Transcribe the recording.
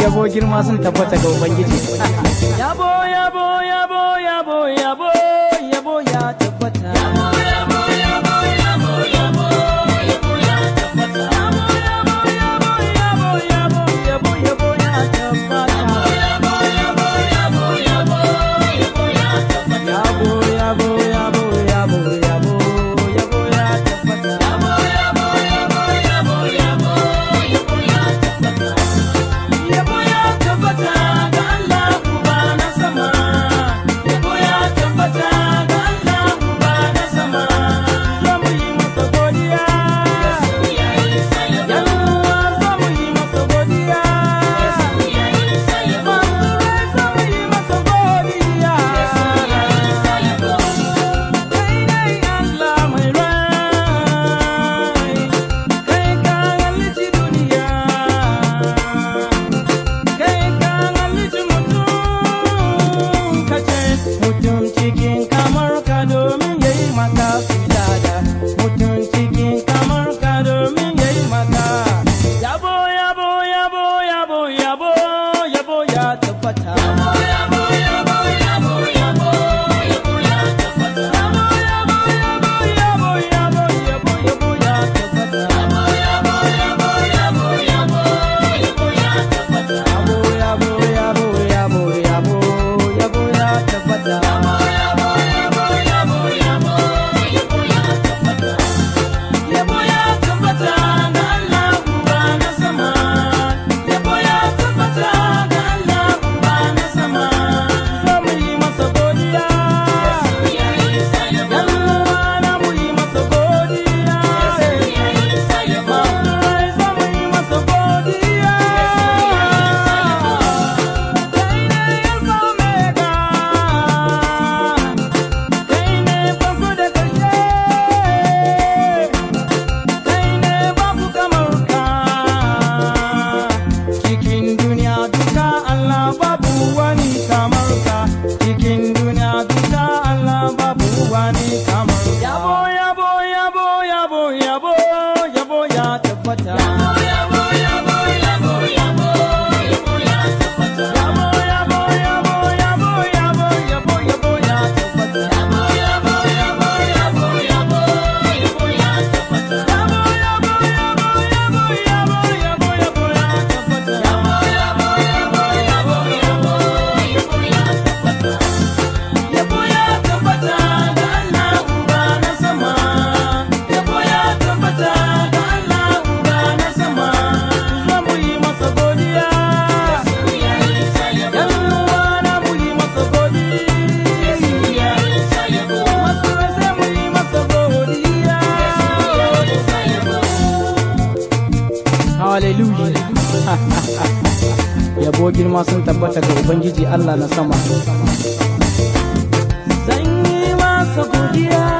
yabo girma sun tabbata ga ubangiji yabo yabo hallelujah yabo girma sun tabbata ga ubangiji allah na sama zan yi masa godiya